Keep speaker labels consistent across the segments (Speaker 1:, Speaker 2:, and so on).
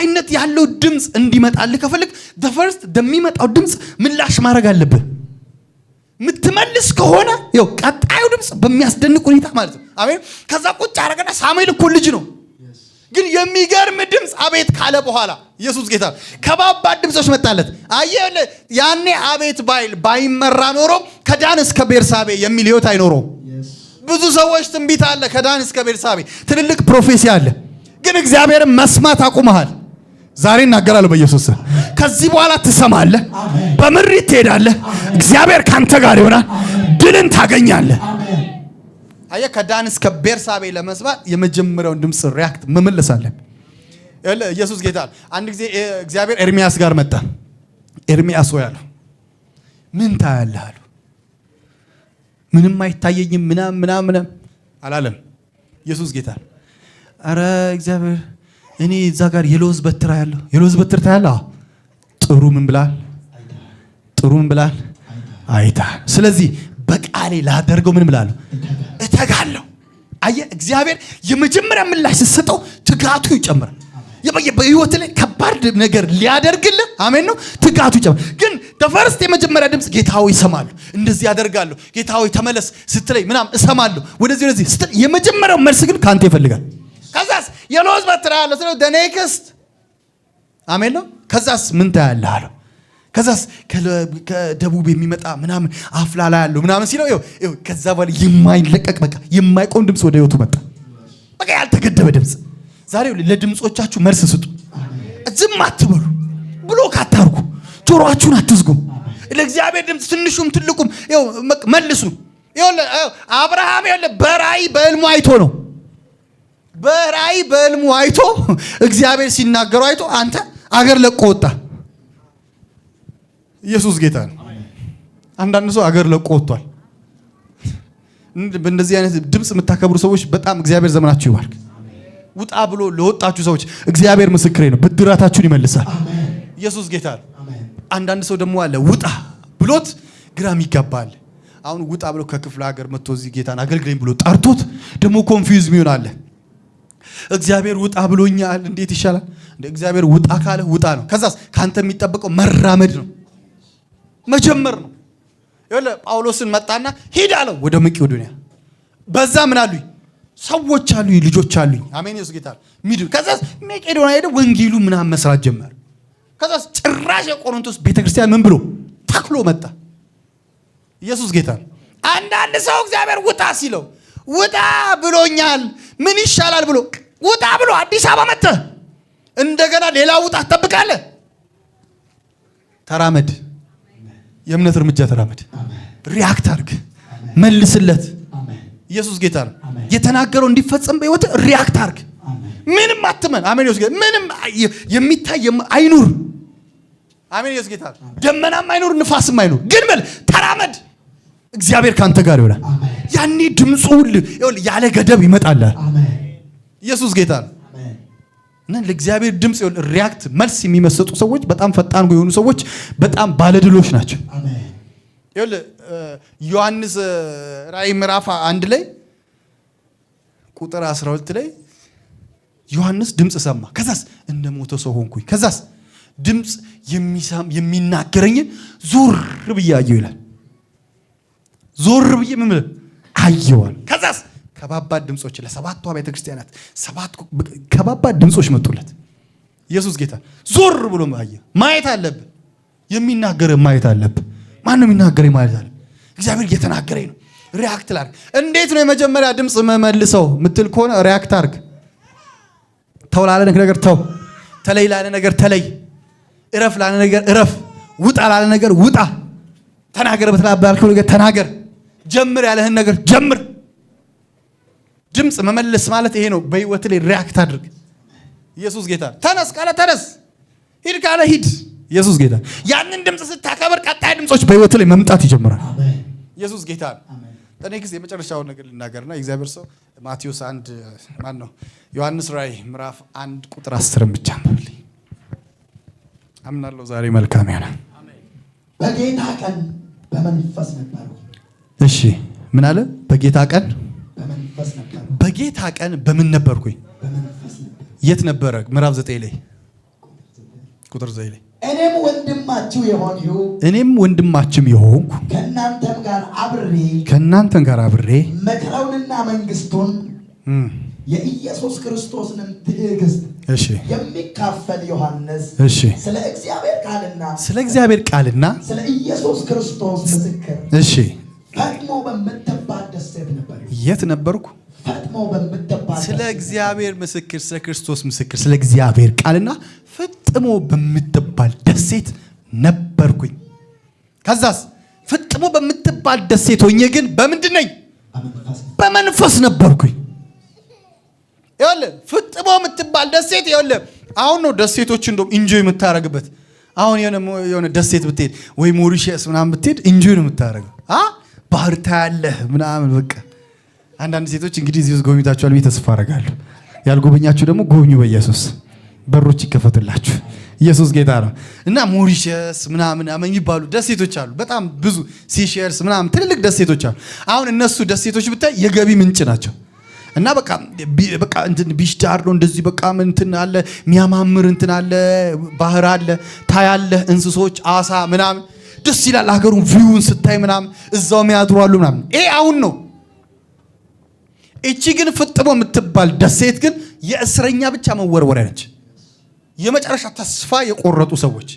Speaker 1: ቀጣይነት ያለው ድምፅ እንዲመጣልህ ከፈልግ ፈርስት የሚመጣው ድምፅ ምላሽ ማድረግ አለብህ። የምትመልስ ከሆነ ያው ቀጣዩ ድምፅ በሚያስደንቅ ሁኔታ ማለት ነው። አቤት ከዛ ቁጭ አረገና ሳሙኤል እኮ ልጅ ነው ግን የሚገርም ድምፅ አቤት ካለ በኋላ ኢየሱስ ጌታ ከባባድ ድምፆች መጣለት። አየህ ያኔ አቤት ባይል ባይመራ ኖሮ ከዳን እስከ ቤርሳቤ የሚል ህይወት አይኖረውም። ብዙ ሰዎች ትንቢት አለ ከዳን እስከ ቤርሳቤ ትልልቅ ፕሮፌሲ አለ፣ ግን እግዚአብሔርን መስማት አቁመሃል። ዛሬ እናገራለሁ በኢየሱስ ከዚህ በኋላ ትሰማለህ፣ በምሪት ትሄዳለህ፣ እግዚአብሔር ካንተ ጋር ይሆናል፣ ድልን ታገኛለህ። አየ ከዳን እስከ ቤርሳቤ ለመስማት የመጀመሪያውን ድምፅ ሪያክት መመለሳለን። ኢየሱስ ጌታ። አንድ ጊዜ እግዚአብሔር ኤርሚያስ ጋር መጣ። ኤርሚያስ ሆይ አለው ምን ታያለህ አሉ። ምንም አይታየኝም ምናም ምናም አላለም። ኢየሱስ ጌታ። አረ እግዚአብሔር እኔ እዛ ጋር የሎዝ በትር ያለሁ የሎዝ በትር ታያለ። ጥሩ ምን ብላል? ጥሩ ምን ብላል? አይታ። ስለዚህ በቃሌ ላደርገው ምን ብላለሁ? እተጋለሁ። አየ እግዚአብሔር የመጀመሪያ ምላሽ ስትሰጠው ትጋቱ ይጨምራል። በህይወት ላይ ከባድ ነገር ሊያደርግልህ አሜን ነው። ትጋቱ ይጨምራል። ግን ተፈርስት የመጀመሪያ ድምፅ ጌታዊ ይሰማሉ። እንደዚህ ያደርጋለሁ፣ ጌታዊ ተመለስ ስትለይ ምናም እሰማለሁ፣ ወደዚህ ወደዚህ ስትል የመጀመሪያው መልስ ግን ከአንተ ይፈልጋል። ከዛስ የሎዝ በትር አለ ስለ ደኔክስት አሜን ነው። ከዛስ ምን ታያለህ አለው። ከዛስ ከደቡብ የሚመጣ ምናምን አፍላላ ያለው ምናምን ሲለው ከዛ በኋላ የማይለቀቅ በቃ የማይቆም ድምፅ ወደ ህይወቱ መጣ። በቃ ያልተገደበ ድምፅ። ዛሬ ለድምፆቻችሁ መልስ ስጡ። ዝም አትበሉ፣ ብሎክ አታርጉ፣ ጆሮአችሁን አትዝጉ። ለእግዚአብሔር ድምፅ ትንሹም ትልቁም መልሱ። አብርሃም በራእይ በህልሙ አይቶ ነው በራእይ በህልሙ አይቶ እግዚአብሔር ሲናገሩ አይቶ አንተ አገር ለቆ ወጣ። ኢየሱስ ጌታ ነው። አንዳንድ ሰው አገር ለቆ ወጥቷል። በእንደዚህ አይነት ድምፅ የምታከብሩ ሰዎች በጣም እግዚአብሔር ዘመናችሁ ይባርክ። ውጣ ብሎ ለወጣችሁ ሰዎች እግዚአብሔር ምስክሬ ነው፣ ብድራታችሁን ይመልሳል። ኢየሱስ ጌታ ነው። አንዳንድ ሰው ደግሞ አለ ውጣ ብሎት ግራም ይጋባል። አሁን ውጣ ብሎ ከክፍለ ሀገር መጥቶ እዚህ ጌታን አገልግለኝ ብሎ ጠርቶት ደግሞ ኮንፊውዝ ሚሆን አለ እግዚአብሔር ውጣ ብሎኛል፣ እንዴት ይሻላል? እንደ እግዚአብሔር ውጣ ካለ ውጣ ነው። ከዛስ ከአንተ የሚጠበቀው መራመድ ነው፣ መጀመር ነው። ይኸውልህ ጳውሎስን መጣና ሂድ አለው ወደ መቄዶንያ። በዛ ምን አሉኝ ሰዎች አሉኝ፣ ልጆች አሉኝ። አሜን ኢየሱስ ጌታ ሚድ ከዛስ መቄዶንያ ሄደ ወንጌሉ ምናምን መስራት ጀመር። ከዛስ ጭራሽ የቆሮንቶስ ቤተክርስቲያን ምን ብሎ ተክሎ መጣ። ኢየሱስ ጌታ አንዳንድ ሰው እግዚአብሔር ውጣ ሲለው ውጣ ብሎኛል ምን ይሻላል ብሎ ውጣ ብሎ አዲስ አበባ መጥተህ እንደገና ሌላ ውጣ ትጠብቃለህ። ተራመድ፣ የእምነት እርምጃ ተራመድ። ሪያክት አርግ፣ መልስለት። ኢየሱስ ጌታ ነው። የተናገረው እንዲፈጸም በህይወት ሪያክት አድርግ። ምንም አትመን። አሜን። ኢየሱስ ጌታ ምንም የሚታይ አይኑር። አሜን። ኢየሱስ ጌታ ደመናም አይኑር፣ ንፋስም አይኑር፣ ግን በል ተራመድ። እግዚአብሔር ካንተ ጋር ይሆናል። ያኔ ድምፁ ሁሉ ያለ ገደብ ይመጣል። ኢየሱስ ጌታ ነው። እና ለእግዚአብሔር ድምፅ ሪያክት መልስ የሚመሰጡ ሰዎች በጣም ፈጣን የሆኑ ሰዎች በጣም ባለድሎች ናቸው። ዮሐንስ ራእይ ምዕራፍ አንድ ላይ ቁጥር 12 ላይ ዮሐንስ ድምፅ ሰማ። ከዛስ እንደ ሞተ ሰው ሆንኩኝ። ከዛስ ድምፅ የሚናገረኝን ዙር ብያየው ይላል። ዞር ብዬ ምን አየዋል። ከዛስ ከባባድ ድምፆች ለሰባቱ ቤተ ክርስቲያናት ከባባድ ድምፆች መጡለት። ኢየሱስ ጌታ ዞር ብሎ አየ። ማየት አለብ፣ የሚናገር ማየት አለብ። ማን ነው የሚናገር ማየት አለ። እግዚአብሔር እየተናገረኝ ነው። ሪያክት ላርግ። እንዴት ነው የመጀመሪያ ድምፅ መመልሰው ምትል ከሆነ ሪያክት አርግ። ተው ላለ ነገር ተው፣ ተለይ ላለ ነገር ተለይ፣ እረፍ ላለ ነገር እረፍ፣ ውጣ ላለ ነገር ውጣ፣ ተናገር በተላባልከው ነገር ተናገር። ጀምር ያለህን ነገር ጀምር። ድምፅ መመለስ ማለት ይሄ ነው። በህይወት ላይ ሪያክት አድርግ። ኢየሱስ ጌታ። ተነስ ካለ ተነስ፣ ሂድ ካለ ሂድ። ኢየሱስ ጌታ። ያንን ድምፅ ስታከበር ቀጣይ ድምፆች በህይወት ላይ መምጣት ይጀምራል። ኢየሱስ ጌታ። ጊዜ የመጨረሻውን ነገር ልናገርና የእግዚአብሔር ሰው ማቴዎስ አንድ ማን ነው ዮሐንስ ራይ ምዕራፍ አንድ ቁጥር አስርን ብቻ አንብብልኝ። አምናለሁ ዛሬ መልካም ያለ
Speaker 2: በጌታ ቀን በመንፈስ ነበሩ
Speaker 1: እሺ ምን አለ? በጌታ ቀን በጌታ ቀን በምን ነበርኩኝ? የት ነበረ? ምዕራፍ ዘጠኝ ላይ ቁጥር ዘጠኝ ላይ
Speaker 2: እኔም ወንድማችሁ የሆንሁ
Speaker 1: እኔም ወንድማችም የሆንኩ
Speaker 2: ከእናንተም ጋር አብሬ
Speaker 1: ከእናንተም ጋር አብሬ
Speaker 2: መከራውንና መንግስቱን የኢየሱስ ክርስቶስንም ትዕግስት የሚካፈል ዮሐንስ ስለ እግዚአብሔር ቃልና
Speaker 1: ስለ እግዚአብሔር ቃልና
Speaker 2: ስለ ኢየሱስ ክርስቶስ ምስክር
Speaker 1: የት ነበርኩ? ስለ እግዚአብሔር ምስክር፣ ስለ ክርስቶስ ምስክር፣ ስለ እግዚአብሔር ቃልና ፍጥሞ በምትባል ደሴት ነበርኩኝ። ከዛስ ፍጥሞ በምትባል ደሴት ሆኜ ግን በምንድን ነኝ? በመንፈስ ነበርኩኝ። ይኸውልህ ፍጥሞ የምትባል ደሴት ይኸውልህ፣ አሁን ነው ደሴቶች እንደውም ኢንጆይ የምታደርግበት። አሁን የሆነ ደሴት ብትሄድ ወይ ሞሪሽስ ምናምን ብትሄድ ኢንጆይ ነው የምታደርገው። ባህር ታያለህ ምናምን በቃ አንዳንድ ሴቶች እንግዲህ እዚህ ውስጥ ጎብኝታችኋል ብዬ ተስፋ አደርጋለሁ። ያልጎበኛችሁ ደግሞ ጎብኙ በኢየሱስ በሮች ይከፈቱላችሁ። ኢየሱስ ጌታ ነው እና ሞሪሸስ ምናምን የሚባሉ ደሴቶች አሉ። በጣም ብዙ ሲሸርስ ምናምን ትልልቅ ደሴቶች አሉ። አሁን እነሱ ደሴቶች ብታይ የገቢ ምንጭ ናቸው። እና በቃ በቃ እንትን ቢሽዳር ነው እንደዚህ በቃ እንትን አለ፣ የሚያማምር እንትን አለ፣ ባህር አለ፣ ታያለ፣ እንስሶች፣ አሳ ምናምን ደስ ይላል። ሀገሩን ቪውን ስታይ ምናምን እዛው የሚያድሩ አሉ ምናምን። ይሄ አሁን ነው እቺ ግን ፍጥሞ የምትባል ደሴት ግን የእስረኛ ብቻ መወርወሪያ ነች። የመጨረሻ ተስፋ የቆረጡ ሰዎች፣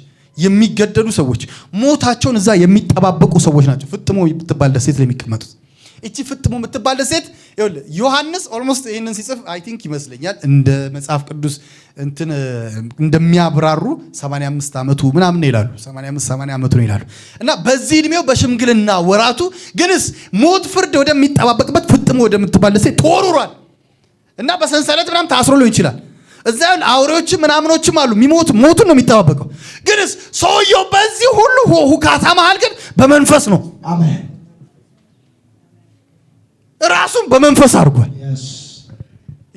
Speaker 1: የሚገደዱ ሰዎች፣ ሞታቸውን እዛ የሚጠባበቁ ሰዎች ናቸው ፍጥሞ የምትባል ደሴት ለሚቀመጡት። እቺ ፍትሙ የምትባል ሴት ዮሐንስ ኦልሞስት ይህንን ሲጽፍ አይ ቲንክ ይመስለኛል እንደ መጽሐፍ ቅዱስ እንትን እንደሚያብራሩ 85 ዓመቱ ምናምን ይላሉ 85 80 ዓመቱ ነው ይላሉ። እና በዚህ እድሜው በሽምግልና ወራቱ ግንስ ሞት ፍርድ ወደሚጠባበቅበት ፍጥሞ ወደምትባል ሴት ተወሩሯል እና በሰንሰለት ምናምን ታስሮ ሊሆን ይችላል። እዛ አውሬዎችም ምናምኖችም አሉ። የሚሞት ሞቱን ነው የሚጠባበቀው። ግንስ ሰውየው በዚህ ሁሉ ሁካታ መሃል ግን በመንፈስ ነው። አሜን ራሱን በመንፈስ አድርጓል።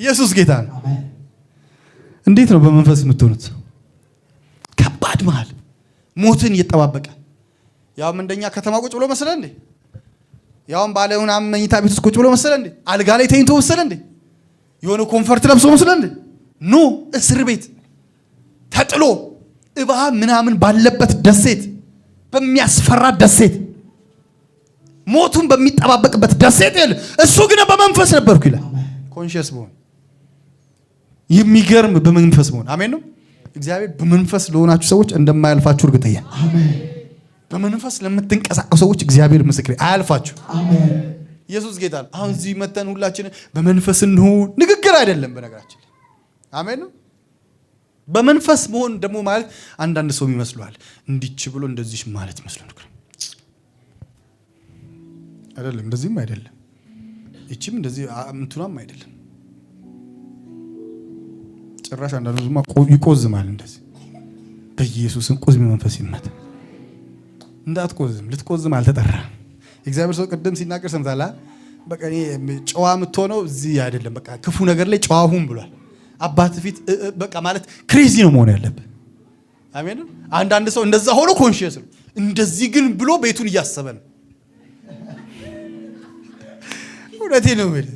Speaker 1: ኢየሱስ ጌታ ነው። እንዴት ነው በመንፈስ የምትሆኑት? ከባድ መሃል ሞትን እየጠባበቀ ያውም እንደኛ ከተማ ቁጭ ብሎ መሰለ እንዴ? ያውም ባለውን መኝታ ቤት ውስጥ ቁጭ ብሎ መሰለ እንዴ? አልጋ ላይ ተኝቶ መሰለ እንዴ? የሆነ ኮንፈርት ለብሶ መሰለ እንዴ? ኖ እስር ቤት ተጥሎ እባ ምናምን ባለበት ደሴት፣ በሚያስፈራ ደሴት ሞቱን በሚጠባበቅበት ደሴት የለ እሱ ግን በመንፈስ ነበርኩ ይላል። ኮንሽስ መሆን የሚገርም በመንፈስ መሆን አሜን ነው። እግዚአብሔር በመንፈስ ለሆናችሁ ሰዎች እንደማያልፋችሁ እርግጠኛ በመንፈስ ለምትንቀሳቀሱ ሰዎች እግዚአብሔር ምስክሬ አያልፋችሁ። ኢየሱስ ጌታ ነው። አሁን እዚህ መተን ሁላችን በመንፈስ እንሁን ንግግር አይደለም በነገራችን አሜን ነው። በመንፈስ መሆን ደግሞ ማለት አንዳንድ ሰው ይመስለዋል እንዲች ብሎ እንደዚህ ማለት መስሎ አይደለም፣ እንደዚህም አይደለም፣ ይቺም እንደዚህ እንትኗም አይደለም። ጭራሽ አንዳንዱ ዝማ ይቆዝማል። እንደዚህ በኢየሱስም ቁዝሚ መንፈስ ይመታ። እንዳትቆዝም ልትቆዝም አልተጠራ። እግዚአብሔር ሰው ቅድም ሲናገር ሰምታላ። በቃ ጨዋ የምትሆነው እዚህ አይደለም። በቃ ክፉ ነገር ላይ ጨዋ ሁን ብሏል። አባት ፊት በቃ ማለት ክሬዚ ነው መሆን ያለብን። አሜን። አንዳንድ ሰው እንደዛ ሆኖ ኮንሽስ ነው፣ እንደዚህ ግን ብሎ ቤቱን እያሰበ ነው። እውነቴ ነው የምልህ።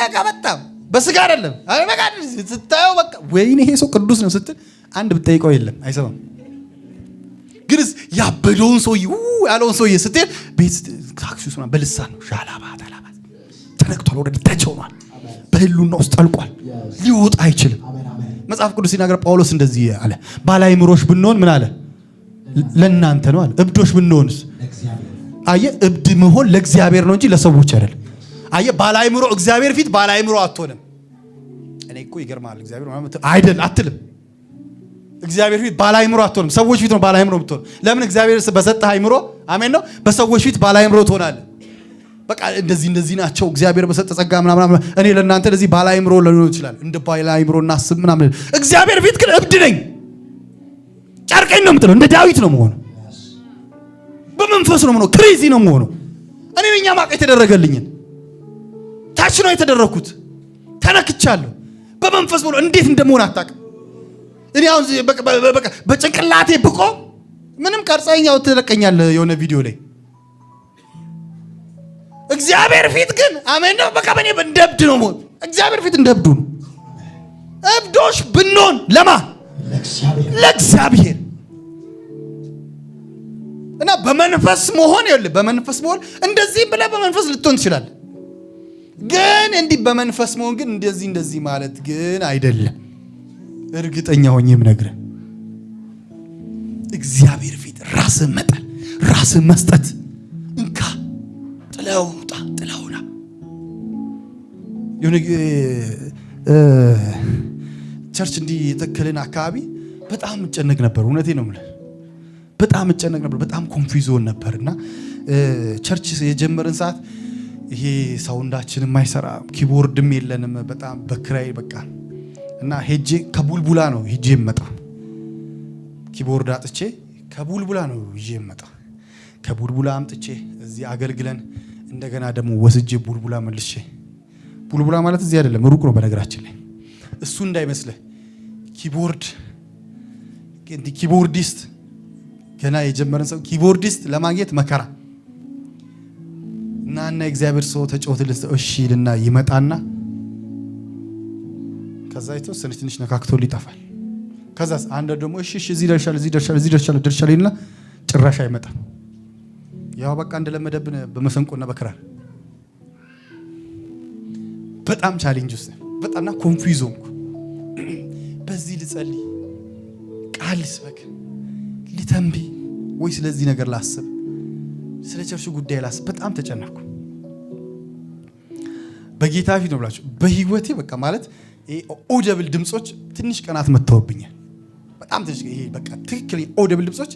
Speaker 1: በቃ በጣም በስጋ አይደለም በቃ ስታየው በቃ ወይኔ ይሄ ሰው ቅዱስ ነው ስትል አንድ ብጠይቀው የለም አይሰማም። ግን ያበደውን ሰውዬ ያለውን ሰውዬ ስትል ቤት ታክሲ በልሳን ነው ሻላባት አላባት ተነክቷል፣ ወደ ታች ሆኗል፣ በህሉና ውስጥ ጠልቋል፣ ሊወጣ አይችልም። መጽሐፍ ቅዱስ ሲናገር ጳውሎስ እንደዚህ አለ፣ ባለአእምሮች ብንሆን ምን አለ ለእናንተ ነው አለ። እብዶች ብንሆንስ? አየህ እብድ መሆን ለእግዚአብሔር ነው እንጂ ለሰዎች አይደለም። አየ ባላይምሮ እግዚአብሔር ፊት ባላይምሮ አትሆንም። እኔ እኮ ይገርማል እግዚአብሔር አይደል አትልም። እግዚአብሔር ፊት ባላይምሮ አትሆንም። ሰዎች ፊት ነው ባላይምሮ የምትሆን። ለምን እግዚአብሔር በሰጠህ አይምሮ አሜን ነው። በሰዎች ፊት ባላይምሮ ትሆናል በቃ እንደዚህ እንደዚህ ናቸው እግዚአብሔር በሰጠ ጸጋ ምናምን። እኔ ለእናንተ እንደዚህ ባላይምሮ ሊሆን ይችላል። እንደ ባላይምሮ እናስብ ምናምን። እግዚአብሔር ፊት ግን እብድ ነኝ፣ ጨርቀኝ ነው የምጥለው። እንደ ዳዊት ነው የምሆነው። በመንፈስ ነው የምሆነው። ክሬዚ ነው መሆኑ እኔ ነኛ ማቅ የተደረገልኝን ታች ነው የተደረግኩት። ተነክቻለሁ በመንፈስ ብሎ እንዴት እንደመሆን አታውቅም። እኔ አሁን በጭንቅላቴ ብቆ ምንም ቀርጸኛው ትለቀኛለ የሆነ ቪዲዮ ላይ እግዚአብሔር ፊት ግን አሜን ነው። በቃ በእኔ እንደብድ ነው ሞት እግዚአብሔር ፊት እንደ ነው። እብዶች ብንሆን ለማ ለእግዚአብሔር እና በመንፈስ መሆን ይኸውልህ፣ በመንፈስ መሆን እንደዚህ ብለ በመንፈስ ልትሆን ትችላለህ። ግን እንዲህ በመንፈስ መሆን ግን እንደዚህ እንደዚህ ማለት ግን አይደለም። እርግጠኛ ሆኜም ነግረ እግዚአብሔር ፊት ራስን መጠል ራስን መስጠት እንካ ጥለውጣ ጥለውና የሆነ ቸርች እንዲህ የተከልን አካባቢ በጣም እጨነቅ ነበር። እውነቴ ነው የምልህ በጣም እጨነቅ ነበር። በጣም ኮንፊዞን ነበር እና ቸርች የጀመርን ሰዓት ይሄ ሳውንዳችንም አይሰራም፣ ኪቦርድም የለንም። በጣም በክራይ በቃ እና ሄጄ ከቡልቡላ ነው ሄጄ የመጣ ኪቦርድ አጥቼ ከቡልቡላ ነው ይዤ የመጣ ከቡልቡላ አምጥቼ እዚህ አገልግለን እንደገና ደግሞ ወስጄ ቡልቡላ መልሼ ቡልቡላ ማለት እዚህ አይደለም፣ ሩቅ ነው። በነገራችን ላይ እሱ እንዳይመስለ ኪቦርድ ኪቦርዲስት ገና የጀመረን ሰው ኪቦርዲስት ለማግኘት መከራ እናና እግዚአብሔር ሰው ልስ እሺ ይልና ይመጣና ከዛ አይቶ ትንሽ ነካክቶ ይጠፋል። ከዛ አንድ ደግሞ እሺ እሺ እዚህ ደርሻል እዚህ ደርሻል እዚህ ደርሻል ደርሻል ይልና ጭራሽ አይመጣም። ያው በቃ እንደለመደብን በመሰንቆና በክራር በጣም ቻሌንጅ ውስጥ በጣምና ኮንፊውዝ ሆንኩ። በዚህ ልጸልይ ቃል ልስበክ ልተንብይ ወይ ስለዚህ ነገር ላስብ ስለ ቸርቹ ጉዳይ ላስ በጣም ተጨነኩ። በጌታ ፊት ነው ብላችሁ በህይወቴ በቃ ማለት ኦደብል ድምፆች ትንሽ ቀናት መጥተውብኛል። በጣም ይሄ በቃ ትክክል ኦደብል ድምፆች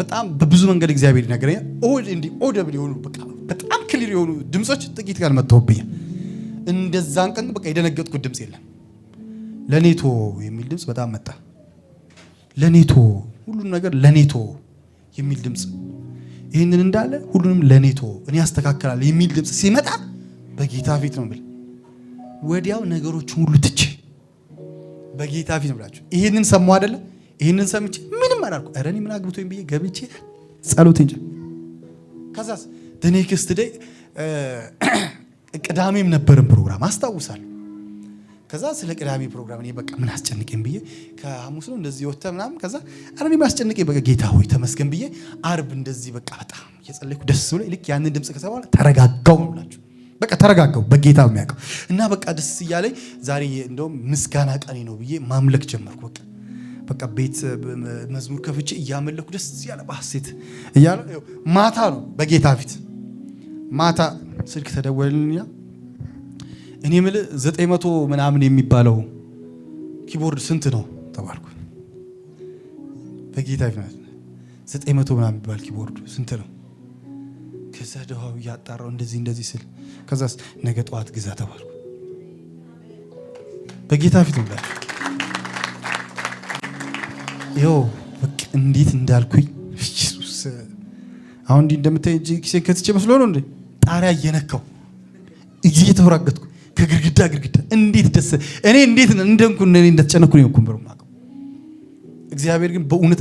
Speaker 1: በጣም በብዙ መንገድ እግዚአብሔር ይነገረኛል እንዲ ኦደብል የሆኑ በጣም ክሊር የሆኑ ድምፆች ጥቂት ቀን መጥተውብኛል። እንደዛን ቀን በቃ የደነገጥኩት ድምፅ የለም። ለኔቶ የሚል ድምፅ በጣም መጣ። ለኔቶ ሁሉም ነገር ለኔቶ የሚል ድምፅ ይህንን እንዳለ ሁሉንም ለኔቶ እኔ ያስተካከላል የሚል ድምፅ ሲመጣ በጌታ ፊት ነው ብል ወዲያው ነገሮችን ሁሉ ትቼ በጌታ ፊት ነው ብላችሁ ይህንን ሰማሁ አይደለ? ይህንን ሰምቼ ምንም አላልኩ። ኧረ እኔ ምን አግብቶኝ ብዬ ገብቼ ጸሎት እንጂ ከዛስ ኔክስት ደይ ቅዳሜም ነበርን ፕሮግራም አስታውሳለሁ። ከዛ ስለ ቅዳሜ ፕሮግራም እኔ በቃ ምን አስጨንቀኝ ብዬ ከሐሙስ ነው እንደዚህ ወጥተ ምናምን ከዛ አረብ አስጨንቀኝ በቃ ጌታ ሆይ ተመስገን ብዬ አርብ እንደዚህ በቃ በጣም እየጸለይኩ ደስ ብሎ ልክ ያንን ድምፅ ከሰማ ተረጋጋው ነው ላችሁ በቃ ተረጋጋው በጌታ የሚያውቀው እና በቃ ደስ እያለኝ ዛሬ እንደውም ምስጋና ቀኔ ነው ብዬ ማምለክ ጀመርኩ። በቃ በቃ ቤት መዝሙር ከፍቼ እያመለኩ ደስ እያለ በሐሴት እያለ ማታ ነው በጌታ ፊት ማታ ስልክ ተደወልልኛ እኔ የምልህ ዘጠኝ መቶ ምናምን የሚባለው ኪቦርድ ስንት ነው ተባልኩ። በጌታ ይፍናል ዘጠኝ መቶ ምናምን የሚባል ኪቦርድ ስንት ነው? ከዛ ደዋው እያጣራው እንደዚህ እንደዚህ ስል ከዛስ ነገ ጠዋት ግዛ ተባልኩ። በጌታ ፊት ምላል ይኸው በቃ እንዴት እንዳልኩኝ ኢየሱስ። አሁን እንዲህ እንደምታይ ኪሴን ከትቼ መስሎ ነው እንዴ ጣሪያ እየነካው እዚህ እየተወራገጥኩ ከግድግዳ ግድግዳ እንዴት ደስ እኔ እንዴት እንደንኩ እኔ እንደተጨነኩ ነው እኮ እግዚአብሔር ግን በእውነት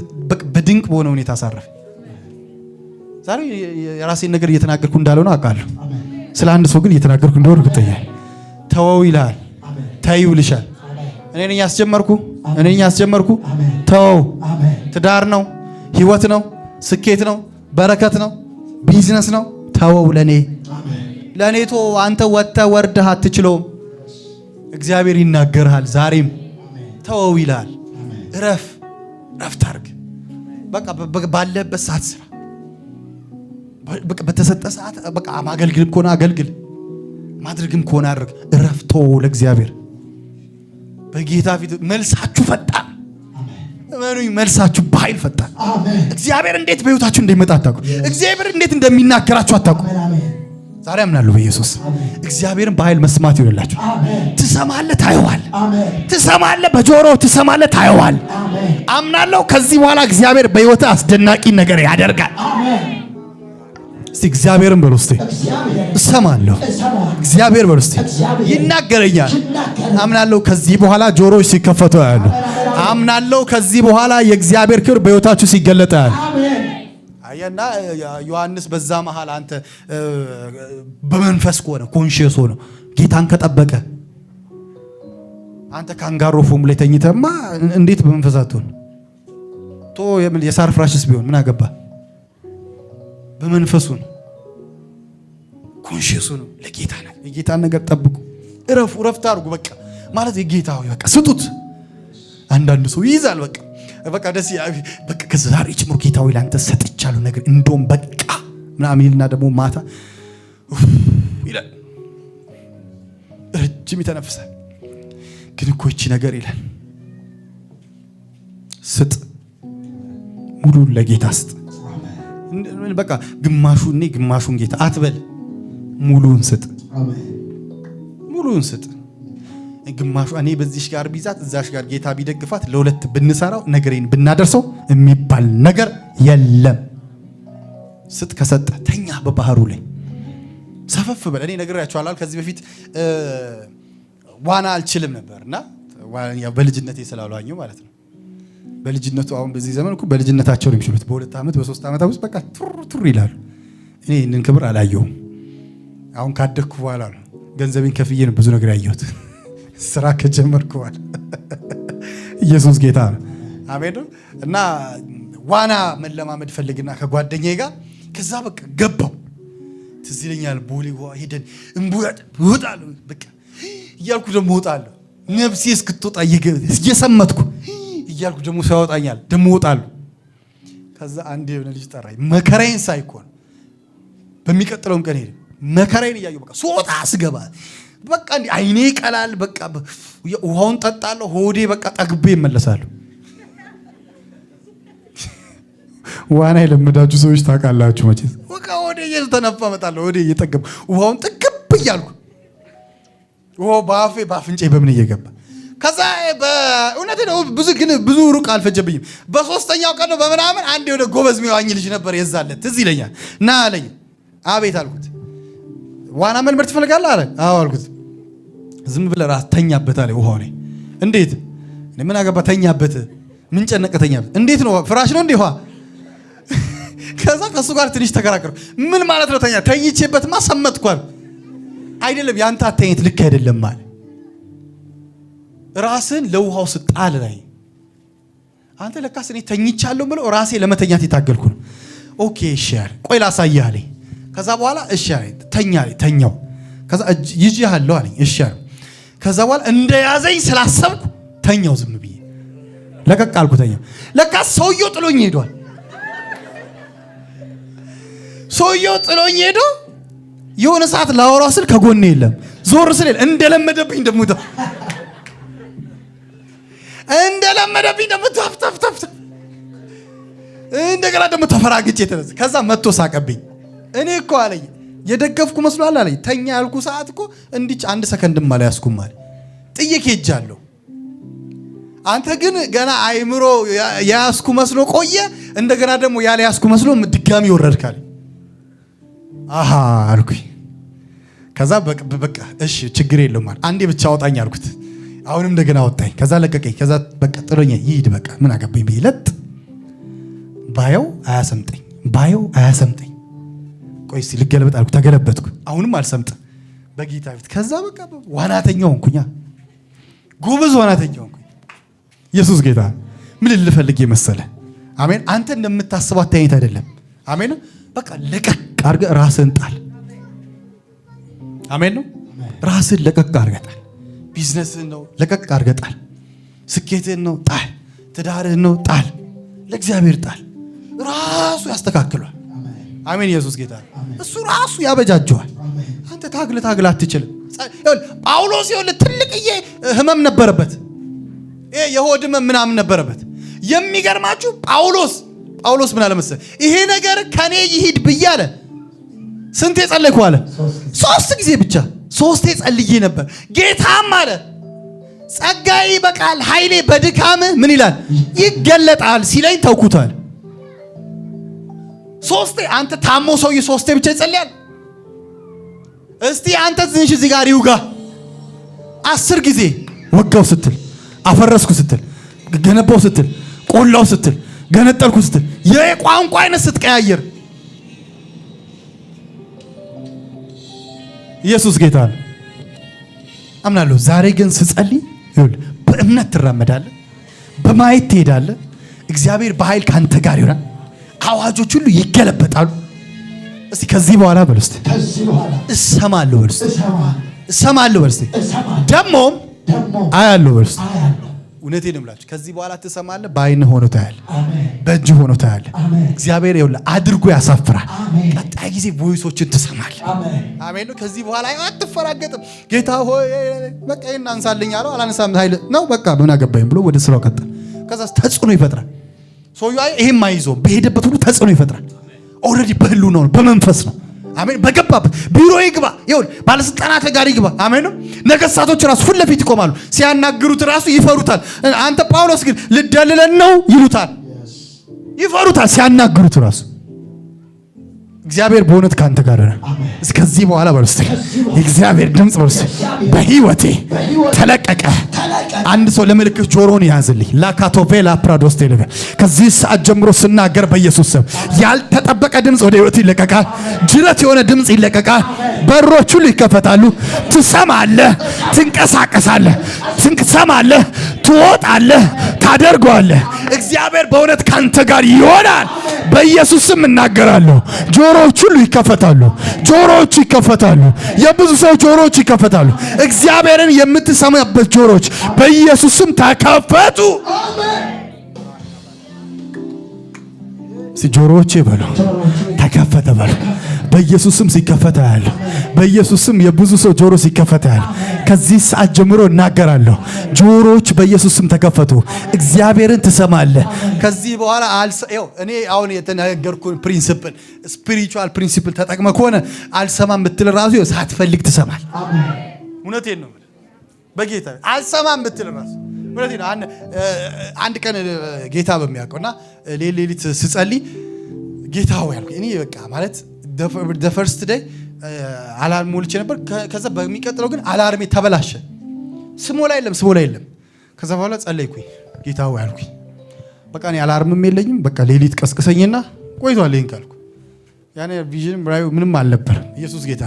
Speaker 1: በድንቅ በሆነ ሁኔታ አሳረፈ። ዛሬ የራሴን ነገር እየተናገርኩ እንዳልሆነ አውቃለሁ። ስለ አንድ ሰው ግን እየተናገርኩ እንደሆነ እርግጠኛል። ተወው ይልሃል፣ ተይው ልሻል። እኔ ነኝ ያስጀመርኩ፣ እኔ ነኝ ያስጀመርኩ። ተወው። ትዳር ነው፣ ህይወት ነው፣ ስኬት ነው፣ በረከት ነው፣ ቢዝነስ ነው። ተወው ለእኔ ለኔቶ አንተ ወጥተ ወርደህ አትችለውም። እግዚአብሔር ይናገርሃል። ዛሬም ተወው ይላል እረፍ እረፍት አርግ። በቃ ባለበት ሰዓት ስራ፣ በተሰጠ ሰዓት በቃ ማገልግል ከሆነ አገልግል፣ ማድረግም ከሆነ አድርግ። እረፍ ተወው ለእግዚአብሔር። በጌታ ፊት መልሳችሁ ፈጣን እመኑኝ መልሳችሁ በኃይል ፈጣን። እግዚአብሔር እንዴት በህይወታችሁ እንደሚመጣ አታውቁ። እግዚአብሔር እንዴት እንደሚናገራችሁ አታውቁ። ዛሬ አምናለሁ በኢየሱስ። እግዚአብሔርን በኃይል መስማት ይሆንላችሁ። ትሰማለህ፣ ታየዋል። ትሰማለ፣ በጆሮ ትሰማለህ፣ ታየዋል። አምናለሁ። ከዚህ በኋላ እግዚአብሔር በሕይወት አስደናቂ ነገር ያደርጋል። እስቲ እግዚአብሔርን በሉ እስቲ። እሰማለሁ፣ እግዚአብሔር በሉ እስቲ። ይናገረኛል። አምናለሁ። ከዚህ በኋላ ጆሮዎች ሲከፈቱ ያሉ አምናለሁ። ከዚህ በኋላ የእግዚአብሔር ክብር በሕይወታችሁ ሲገለጣል። እና ዮሐንስ በዛ መሃል አንተ በመንፈስ ከሆነ ኮንሽስ ሆነ ጌታን ከጠበቀ አንተ ካንጋሮ ፎም ላይ ተኝተማ እንዴት በመንፈሳቱን ቶ የሳር ፍራሽስ ቢሆን ምን አገባ? በመንፈሱ ነው ኮንሽሱ ነው ለጌታ ነው። የጌታን ነገር ጠብቁ፣ እረፉ፣ እረፍት አድርጉ። በቃ ማለት የጌታ በቃ ስጡት። አንዳንድ ሰው ይይዛል በቃ በቃ ደስ በቃ ከዛሬ ጀምሮ ጌታዊ ላንተ ሰጥቻለሁ ነገር እንደውም በቃ ምናምን ይልና ደግሞ ማታ ይላል ረጅም ይተነፍሳል። ግን እኮ ይቺ ነገር ይላል ስጥ፣ ሙሉን ለጌታ ስጥ። በቃ ግማሹ እኔ ግማሹን ጌታ አትበል፣ ሙሉን ስጥ፣ ሙሉን ስጥ። ግማሹ እኔ በዚሽ ጋር ቢዛት እዛሽ ጋር ጌታ ቢደግፋት ለሁለት ብንሰራው ነገሬን ብናደርሰው የሚባል ነገር የለም። ስጥ ከሰጠ ተኛ በባህሩ ላይ ሰፈፍ በል። እኔ ነግሬያቸዋለሁ። ከዚህ በፊት ዋና አልችልም ነበር እና በልጅነት ስላልዋኘሁ ማለት ነው። በልጅነቱ አሁን በዚህ ዘመን እኮ በልጅነታቸው ነው የሚችሉት። በሁለት ዓመት በሶስት ዓመት ውስጥ በቃ ቱር ቱር ይላሉ። እኔ ይህንን ክብር አላየሁም። አሁን ካደግኩ በኋላ ነው ገንዘቤን ከፍዬ ነው ብዙ ነገር ያየሁት። ስራ ከጀመርኩዋል። ኢየሱስ ጌታ ነው። አሜን። እና ዋና መለማመድ ፈልግና ከጓደኛዬ ጋር ከዛ በቃ ገባው። ትዝ ይለኛል ቦሌ ሄደን እምቡያጥ በቃ እያልኩ ደግሞ እወጣለሁ። ነብሴ እስክትወጣ እየሰመትኩ እያልኩ ደግሞ ሳያወጣኛል ደግሞ እወጣለሁ። ከዛ አንድ የሆነ ልጅ ጠራኝ። መከራዬን ሳይኮን በሚቀጥለውም ቀን ሄደ መከራዬን እያየሁ በቃ ስወጣ ስገባ በቃ እንዲህ አይኔ ይቀላል። በቃ ውሃውን ጠጣለሁ። ሆዴ በቃ ጠግቤ ይመለሳሉ። ዋና የለመዳችሁ ሰዎች ታውቃላችሁ መቼስ። በቃ ሆዴ እየተነፋ እመጣለሁ። ሆዴ እየጠገብ ውሃውን ጥግብ እያልኩ ውሃው በአፌ በአፍንጬ በምን እየገባ ከዛ በእውነት ነው። ብዙ ግን ብዙ ሩቅ አልፈጀብኝም። በሶስተኛው ቀን ነው በምናምን አንድ የሆነ ጎበዝ ሚዋኝ ልጅ ነበር የዛለት ትዝ ይለኛል። ና አለኝ። አቤት አልኩት። ዋና መልመድ ትፈልጋለህ አለ። አዎ አልኩት። ዝም ብለህ ራስ ተኛበት አለ። ውሃ ሆኔ። እንዴት ምን አገባ ተኛበት፣ ምን ጨነቀ ተኛበት። እንዴት ነው ፍራሽ ነው እንዴ ውሃ? ከዛ ከእሱ ጋር ትንሽ ተከራከሩ። ምን ማለት ነው ተኛ? ተኝቼበትማ ሰመጥኳል። አይደለም ያንተ አተኛት ልክ አይደለም አለ። ራስን ለውሃው ስጣል ላይ አንተ ለካስ እኔ ተኝቻለሁ ብለው ራሴ ለመተኛት የታገልኩ ነው። ኦኬ ሼር ቆይ ላሳያህ አለኝ። ከዛ በኋላ እሺ አለኝ። ተኛ አለኝ። ተኛው። ከዛ ይዤሃለሁ አለኝ። እሺ አለ። ከዛ በኋላ እንደያዘኝ ስላሰብኩ ተኛው። ዝም ብዬ ለቀቅ አልኩ። ተኛ። ለካ ሰውየው ጥሎኝ ሄዷል። ሰውየው ጥሎኝ ሄዶ የሆነ ሰዓት ላወራው ስል ከጎኔ የለም። ዞር ስል እንደለመደብኝ ደሞ እንደለመደብኝ ደሞ ተፍ ተፍ ተፍ እንደገና ደሞ ተፈራግጬ ተነስ። ከዛ መጥቶ ሳቀብኝ። እኔ እኮ አለኝ የደገፍኩ መስሏል አለኝ። ተኛ ያልኩ ሰዓት እኮ እንዲች አንድ ሰከንድም አልያዝኩም አለ። ጥየቅ ሄጃለሁ። አንተ ግን ገና አይምሮ የያዝኩ መስሎ ቆየ። እንደገና ደግሞ ያለ ያዝኩ መስሎ ድጋሚ ወረድካል። አሃ አልኩኝ። ከዛ በቃ እሺ ችግር የለውም ማለት አንዴ ብቻ አወጣኝ አልኩት። አሁንም እንደገና አወጣኝ። ከዛ ለቀቀኝ። ከዛ በቃ ጥሎኝ ይሂድ በቃ ምን አገባኝ ብዬ ለጥ ባየው አያሰምጠኝ፣ ባየው አያሰምጠኝ ቆይስ ልገለበጥ አልኩ፣ ተገለበጥኩ። አሁንም አልሰምጥ በጌታ ፊት። ከዛ በቃ ዋናተኛ ሆንኩኛ፣ ጎበዝ ዋናተኛ ሆንኩ። ኢየሱስ ጌታ። ምን ልፈልግ መሰለ? አሜን። አንተ እንደምታስባት አይነት አይደለም። አሜን። በቃ ለቀቅ አድርገህ ራስህን ጣል። አሜን ነው። ራስህን ለቀቅ አድርገህ ጣል። ቢዝነስህን ነው ለቀቅ አድርገህ ጣል። ስኬትህን ነው ጣል። ትዳርህን ነው ጣል። ለእግዚአብሔር ጣል። ራሱ ያስተካክሏል። አሜን። ኢየሱስ ጌታ እሱ ራሱ ያበጃጀዋል። አንተ ታግለ ታግለ አትችልም። ጳውሎስ ይኸውልህ ትልቅዬ ህመም ነበረበት፣ የሆድ ህመም ምናምን ነበረበት። የሚገርማችሁ ጳውሎስ ጳውሎስ ምን አለ ይሄ ነገር ከኔ ይሂድ ብዬ አለ። ስንት ጸለይኩ አለ? ሶስት ጊዜ ብቻ ሶስቴ ጸልዬ ነበር። ጌታም አለ ጸጋዬ ይበቃል፣ ኃይሌ በድካም ምን ይላል ይገለጣል ሲለኝ ተውኩታል። ሶስቴ አንተ ታሞ ሰውዬ ሶስቴ ብቻ ይጸልያል። እስቲ አንተ ትንሽ እዚህ ጋር ይውጋ አስር ጊዜ ወጋው ስትል፣ አፈረስኩ ስትል፣ ገነባው ስትል፣ ቆላው ስትል፣ ገነጠልኩ ስትል፣ የቋንቋ አይነት ስትቀያየር ኢየሱስ ጌታ ነው አምናለሁ። ዛሬ ግን ስጸልይ በእምነት ትራመዳለህ፣ በማየት ትሄዳለህ። እግዚአብሔር በኃይል ካንተ ጋር ይሆናል። አዋጆች ሁሉ ይገለበጣሉ። እስቲ ከዚህ በኋላ በል እስቲ እሰማለሁ በል እስቲ እሰማለሁ በል እስቲ ደግሞም አያለሁ በል እስቲ እውነቴን ነው የምላችሁ። ከዚህ በኋላ ትሰማለህ። በአይንህ ሆኖ ታያለህ፣ በእጅ ሆኖ ታያለህ። እግዚአብሔር ይኸውልህ አድርጎ ያሳፍራል። ቀጣይ ጊዜ ቮይሶችን ትሰማለህ። አሜን ነው። ከዚህ በኋላ አትፈራገጥም። ጌታ ሆይ በቃ ይህን አንሳልኝ አለው። አላነሳም ኃይል ነው በቃ ምን አገባኝ ብሎ ወደ ስራው ቀጠል። ከዛ ተጽዕኖ ይፈጥራል። ሰውዬው ይሄም አይዞም በሄደበት ሁሉ ተጽዕኖ ይፈጥራል። ኦልሬዲ በህሉ ነው በመንፈስ ነው። አሜን። በገባበት ቢሮ ይግባ፣ ይሁን ባለስልጣናት ጋር ይግባ። አሜን ነው። ነገስታቶች ራሱ ፊት ለፊት ይቆማሉ፣ ሲያናግሩት ራሱ ይፈሩታል። አንተ ጳውሎስ ግን ልደልለን ነው ይሉታል፣ ይፈሩታል ሲያናግሩት ራሱ እግዚአብሔር በእውነት ካንተ ጋር ነው። እስከዚህ በኋላ በርስ የእግዚአብሔር ድምጽ በርስ በህይወቴ ተለቀቀ። አንድ ሰው ለምልክት ጆሮን ያዝልኝ። ላካቶቬላ ፕራዶስ ቴሌቪ ከዚህ ሰዓት ጀምሮ ስናገር በኢየሱስ ስም ያልተጠበቀ ድምጽ ወደ ህይወት ይለቀቃል። ጅረት የሆነ ድምጽ ይለቀቃል። በሮች ሁሉ ይከፈታሉ። ትሰማለህ፣ ትንቀሳቀሳለህ፣ ትንሰማለህ፣ ትወጣለህ ታደርገዋለህ። እግዚአብሔር በእውነት ካንተ ጋር ይሆናል። በኢየሱስም እናገራለሁ። ጆሮዎች ሁሉ ይከፈታሉ። ጆሮዎች ይከፈታሉ። የብዙ ሰው ጆሮዎች ይከፈታሉ። እግዚአብሔርን የምትሰማበት ጆሮዎች በኢየሱስም ተከፈቱ። ጆሮዎቼ በሉ ተከፈተ በሉ በኢየሱስም ሲከፈት ያለሁ በኢየሱስም የብዙ ሰው ጆሮ ሲከፈት ያለሁ። ከዚህ ሰዓት ጀምሮ እናገራለሁ። ጆሮዎች በኢየሱስም ተከፈቱ። እግዚአብሔርን ትሰማለህ። ከዚህ በኋላ እኔ አሁን የተናገርኩን ፕሪንስፕል ስፒሪቹዋል ፕሪንስፕል ተጠቅመ ከሆነ አልሰማም ብትል ራሱ ሳትፈልግ ትሰማል። እውነቴን ነው። በጌታ አልሰማም ብትል ራሱ እውነቴን ነው። አንድ ቀን ጌታ በሚያውቀውና ሌሊት ስጸልይ ጌታ ሆይ እኔ በቃ ማለት ደፈርስት ደይ አላርም ሞልቼ ነበር። ከዛ በሚቀጥለው ግን አላርሜ ተበላሸ። ስሞ ላይ የለም ስሞ ላይ የለም። ከዛ በኋላ ጸለይኩኝ፣ ጌታ ሆይ አልኩኝ። በቃ እኔ አላርምም የለኝም። በቃ ሌሊት ቀስቅሰኝና ቆይቷል ይሄን ካልኩ ያኔ ቪዥን ራዩ ምንም አልነበር። ኢየሱስ ጌታ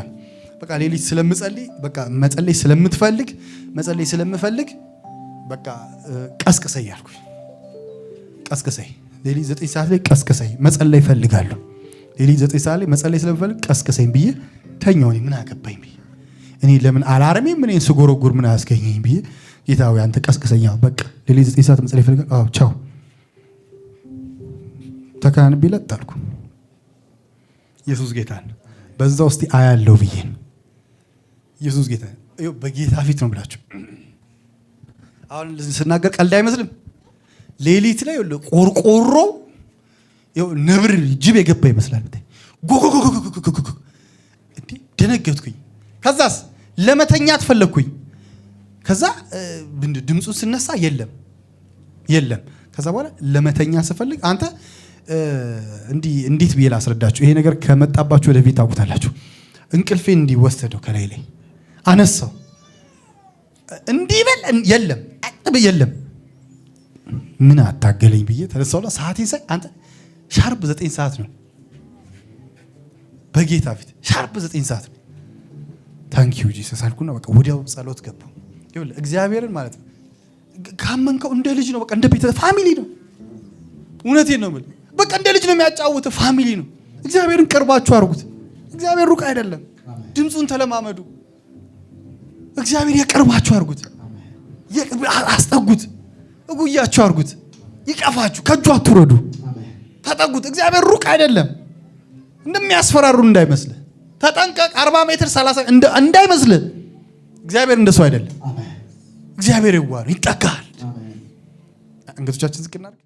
Speaker 1: በቃ ሌሊት ስለምጸልይ በቃ መጸለይ ስለምትፈልግ መጸለይ ስለምፈልግ በቃ ቀስቅሰኝ አልኩኝ። ቀስቅሰኝ ሌሊት ዘጠኝ ሰዓት ላይ ቀስቅሰኝ፣ መጸለይ እፈልጋለሁ። ሌሊት ዘጠኝ ሰዓት ላይ መጸለይ ስለምፈልግ ቀስቀሰኝ ብዬ ተኛው። ምን አገባኝ ብዬ እኔ ለምን አላርሜ ምን ስጎረጉር ምን አያስገኘኝ ብዬ ጌታ ወይ አንተ ቀስቀሰኛ። በቃ ሌሊት ዘጠኝ ሰዓት መጸለይ ፈልጋል። አዎ ቻው ተካን ለጥ አልኩ። ኢየሱስ ጌታ በዛ ውስጥ አያለው ብዬ ኢየሱስ ጌታ በጌታ ፊት ነው ብላችሁ አሁን ስናገር ቀልድ አይመስልም። ሌሊት ላይ ቆርቆሮ ነብር ጅብ የገባ ይመስላል። ደነገጥኩኝ። ከዛስ ለመተኛት ፈለግኩኝ። ከዛ ድምፁን ስነሳ የለም የለም። ከዛ በኋላ ለመተኛ ስፈልግ አንተ እንዴት ብዬ ላስረዳችሁ? ይሄ ነገር ከመጣባችሁ ወደፊት ታውቁታላችሁ። እንቅልፌ እንዲወሰደው ከላይ ላይ አነሳው፣ እንዲበል በል የለም፣ የለም። ምን አታገለኝ ብዬ ተነሳውና ሰዓቴ ሳይ አንተ ሻርፕ ዘጠኝ ሰዓት ነው። በጌታ ፊት ሻርፕ ዘጠኝ ሰዓት ነው። ታንኪዩ ጂሰስ አልኩና በቃ ወዲያው ጸሎት ገባ። እግዚአብሔርን ማለት ነው ካመንከው እንደ ልጅ ነው። በቃ እንደ ቤተ ፋሚሊ ነው። እውነቴን ነው የምልህ። በቃ እንደ ልጅ ነው የሚያጫውተ ፋሚሊ ነው። እግዚአብሔርን ቅርባችሁ አድርጉት። እግዚአብሔር ሩቅ አይደለም። ድምፁን ተለማመዱ። እግዚአብሔር የቅርባችሁ አድርጉት። አስጠጉት። እጉያችሁ አድርጉት። ይቀፋችሁ። ከእጁ አትረዱ ተጠጉት። እግዚአብሔር ሩቅ አይደለም። እንደሚያስፈራሩን እንዳይመስል ተጠንቀቅ። 40 ሜትር 30 እንዳይመስል እግዚአብሔር እንደሰው ሰው አይደለም። እግዚአብሔር የዋህ ነው፣ ይጠጋሃል። አንገቶቻችን ዝቅ እናድርግ።